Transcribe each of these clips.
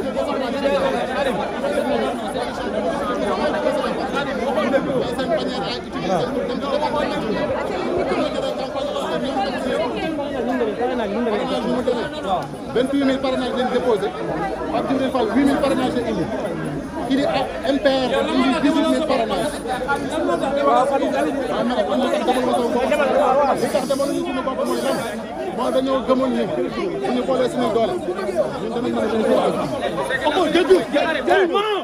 28 000 parrainages lañ déposé Pape Djibril Fall 8 000 parrainages la indi kii di MPR 18 000 parrainages. waaw man man man man man man man man man man man man man man man man man man man mooy dañoo gëmoon ni suñu boolee suñu doole ñun danañ mën a déglu waaw. waaw déglu déglu maa.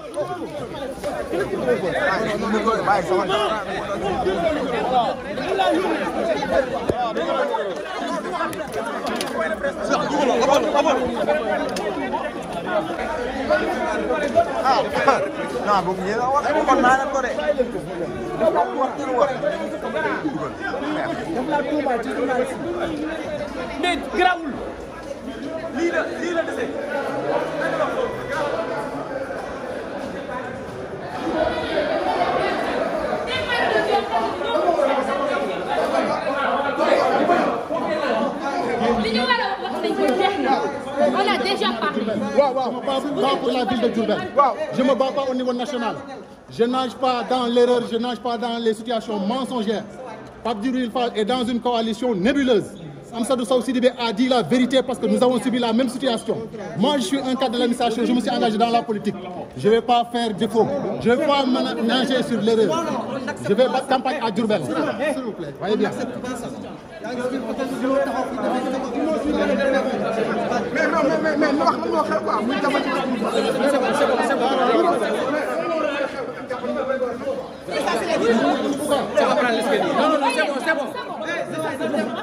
ah non boobu ñu la wax waxoon naa leen ko de wax wax wax mais grawul lii la lii la dese On a déjà parlé. Waaw, waaw, je me bats pour la ville de Diourbel. Waaw, je me bats pas au niveau national. Je nage pas dans l'erreur, je nage pas dans les situations mensongères. Pape Djibril Fall est dans une coalition nébuleuse. Amsadou Sow Sidibé a dit la vérité parce que nous avons subi la même situation. Moi, je suis un cadre de l'administration, je me suis engagé dans la politique. Je vais pas faire défaut. Je vais pas nager sur l'erreur. Je vais battre campagne à Diourbel. S'il vous plaît, voyez bien. C'est bon, c'est bon.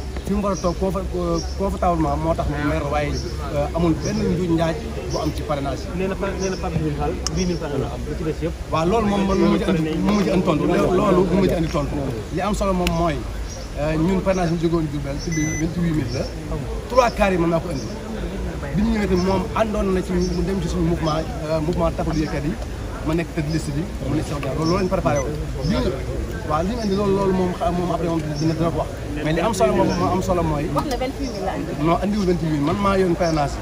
fi mu war a toog confortablement moo tax mu mer waaye euh, amul benn njuuj njaaj bu am ci parrainage yi. nee na nee na Pape Diouf loolu moom man mu mujj andi mu mujj andi tontu loolu mu mujj andi tontu li am solo moom mooy euh, ñun parrainage yi ñu jógoon Diourbel ci biir trois quarts yi mën naa ko indi. bi ñu ñëwee moom àndoon na ci mu dem ci suñu mouvement euh, mouvement taxawu yëkkat yi. ma nekk tëdd liste bi mu ne Cheikh Diagne loolu loolu lañ préparé woon lii waaw li loolu loolu moom après moom dina dina ko wax mais am solo moom moo am solo mooy wax na 28 mille la man maa yoon parrainage yi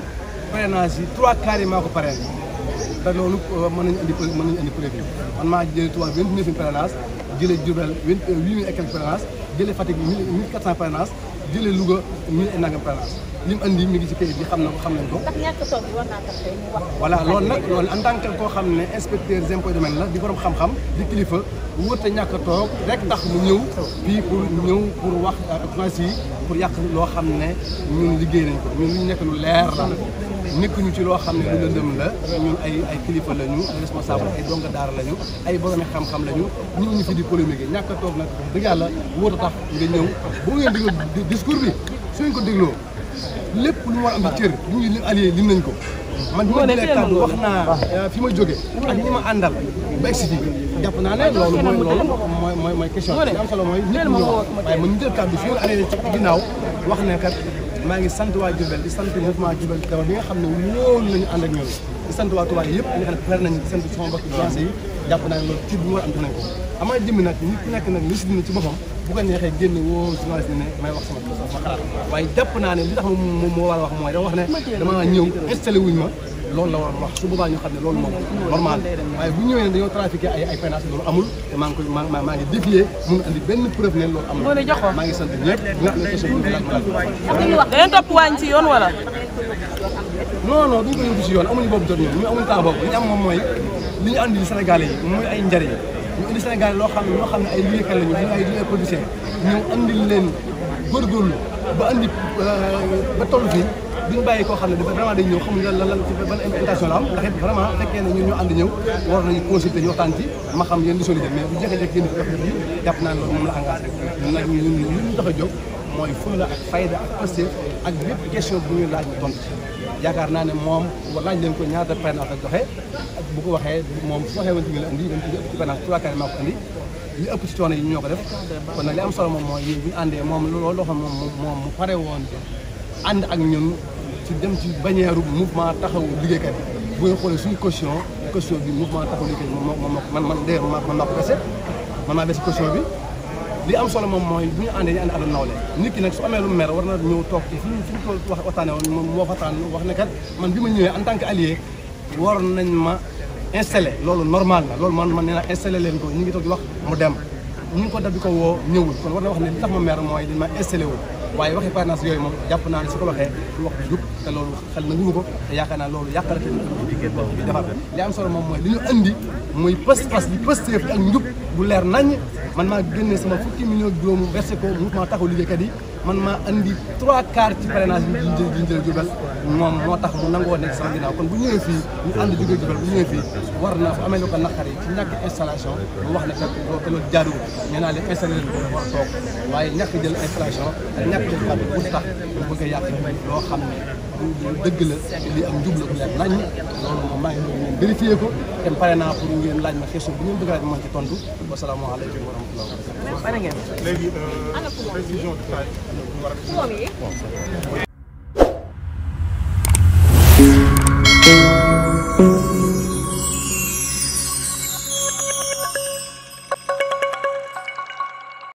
parrainage yi trois quarts yi maa ko parrainé te loolu euh, mën nañu indi mën nañu indi preuve man maa jëlee trois vingt neuf mille parrainage jëlee Diourbel euh, huit mille et quelques parrainages jëlee Fatick mille quatre cent parrainages jëlee Louga mille et nangam parrainages li mu mi ngi ci kayit yi xam na xam nañ ko. voilà lool nag loolu en tant que xam ne inspecteur des impôts domaine la di borom xam-xam di kilifa wër te ñakk toog rek tax mu ñëw fii pour ñëw pour wax France yi pour yàq loo xam ne ñun liggéey nañ ko ñun li nekk lu leer nekk nekkuñu ci loo xam ne lu lëndëm la ñun ay ay kilifa lañu ay responsable ay donga daara lañu ay boromi xam-xam lañu polémique yi ñàkk a toog nag wax dëgg yàlla wóor a tax nga ñëw boo ngeen déglu discours bi suñ ko dégloo lépp lu war am ci cër ñu ngi nañ ko ma jëlee kàddu wax naa euh, fi ma jóge ak ñi ma àndal ba egsi naa ne loolu mooy loolu mooy mooy mooy question bi am solo mooy ñëpp ñu wax waaye man ñu maa ngi sant waa Diourbel di sant mouvement Diourbel dama bi nga xam ne wóolu nañu ànd ak ñoom di sant yëpp ñi nga xam ne pare nañu di sant sama yi jàpp naa loolu ci bi mu war am def nañ ko amaa jëmmi nag nit ku nekk nag li si dina ci boppam bu ko neexee génn woo journaliste ne may wax sama sama xalaat waaye jàpp naa ne li tax moom moo war a wax mooy dafa wax ne dama ñëw installé wuñ ma loolu la war a wax su boobaa ñu xam ne loolu moom normal waaye bu ñëwee ne dañoo trafiqué ay ay pénance loolu amul te maa ngi koy maa maa ngi défier mun andi benn preuve ne loolu amul maa ngi sant ñëpp nga xam ne question bu laaj laaj dañu topp waañ ci yoon wala non non duñ ko yóbbu ci yoon amuñu boobu jot ñoom ñu amuñu temps boobu li ñu am moom mooy li ñu andi Sénégalais yi mooy ay njariñ ñu indi Sénégal loo xam ne ñoo xam ne ay liggéeykat lañu ñu ay liggéey ñëw andi leen góorgóorlu ba andi euh, ba toll fii duñ bàyyi koo xam ne dafa vraiment day ñëw xamuñ lan lan ci ban intention la am ndax it vraiment fekkee ne ñun ñoo ànd ñëw war nañu consulter ñu waxtaan ci ma xam yéen di solidaire mais bu jékki-jékki yéen di def yi jàpp naa ne moom la engagé ñun nag ñun ñu tax a jóg mooy fulla ak fayda ak posté ak lépp question bu ñu laaj ñu tontu yaakaar naa ne moom laaj leen ko ñaata parrainage na joxe bu ko waxee moom su waxee woon ci la andi dañ ci ëpp ci ëpp ci coono yi ñoo ko def kon nag li am solo moom mooy bu ñu àndee moom loolu loo xam moom moom mu pare woon ànd ak ñun si dem ci bannière mouvement taxawu liggéeykat yi bu ñu xoolee suñu caution caution bi mouvement taxawu liggéeykat yi moom moo man man dé man maa ko kese man maa bese caution bi li am moom mooy bu ñu àndee ñu ànd ak nawle nit ki nag su amee lu mer war na ñëw toog fi fi ñu ko wax waxtaanee woon moom moo waxtaan wax ne kat man bi ma ñëwee en tant que allié war nañ ma installé loolu normal na loolu man man nee na installé leen ko ñu ngi toog di wax mu dem ñu ko daf di ko woo ñëwul kon war na wax ne li tax ma mer mooy dañ ma installé wul waaye waxi parnas yooyu moom jàpp naa ne su ko waxee jub te loolu xel nanguwu ko te yaakaar naa loolu yàq la te ñu moom mooy li ñu andi muy pas-pas bi Pastef bi ak njub bu leer naññ man maa génne sama fukki million juróomu versé ko mouvement taxawu liggéeykat yi man maa andi trois quarts ci parrainage bi ñu jël tax mu nangoo nekk sama ginnaaw kon bu ñëwee fii ñu ànd jógee Diourbel bu ñëwee fii war naa fu amee lu ko naqari ci ñàkk installation mu wax ne kat loolu te loolu jaaduwul nee naa leen installé leen ko a toog waaye ñàkk jël installation ak ñàkk jël kàddu bu tax mu bëgg a yàq loo xam ne dëgg la lii am njub la bu leer laaj loolu moom maa ngi ko te pare naa pour ngeen laaj ma question bu ngeen bëgg laaj ma ci tontu wa salaamu aleykum wa rahmatulah. léegi euh, précision de taille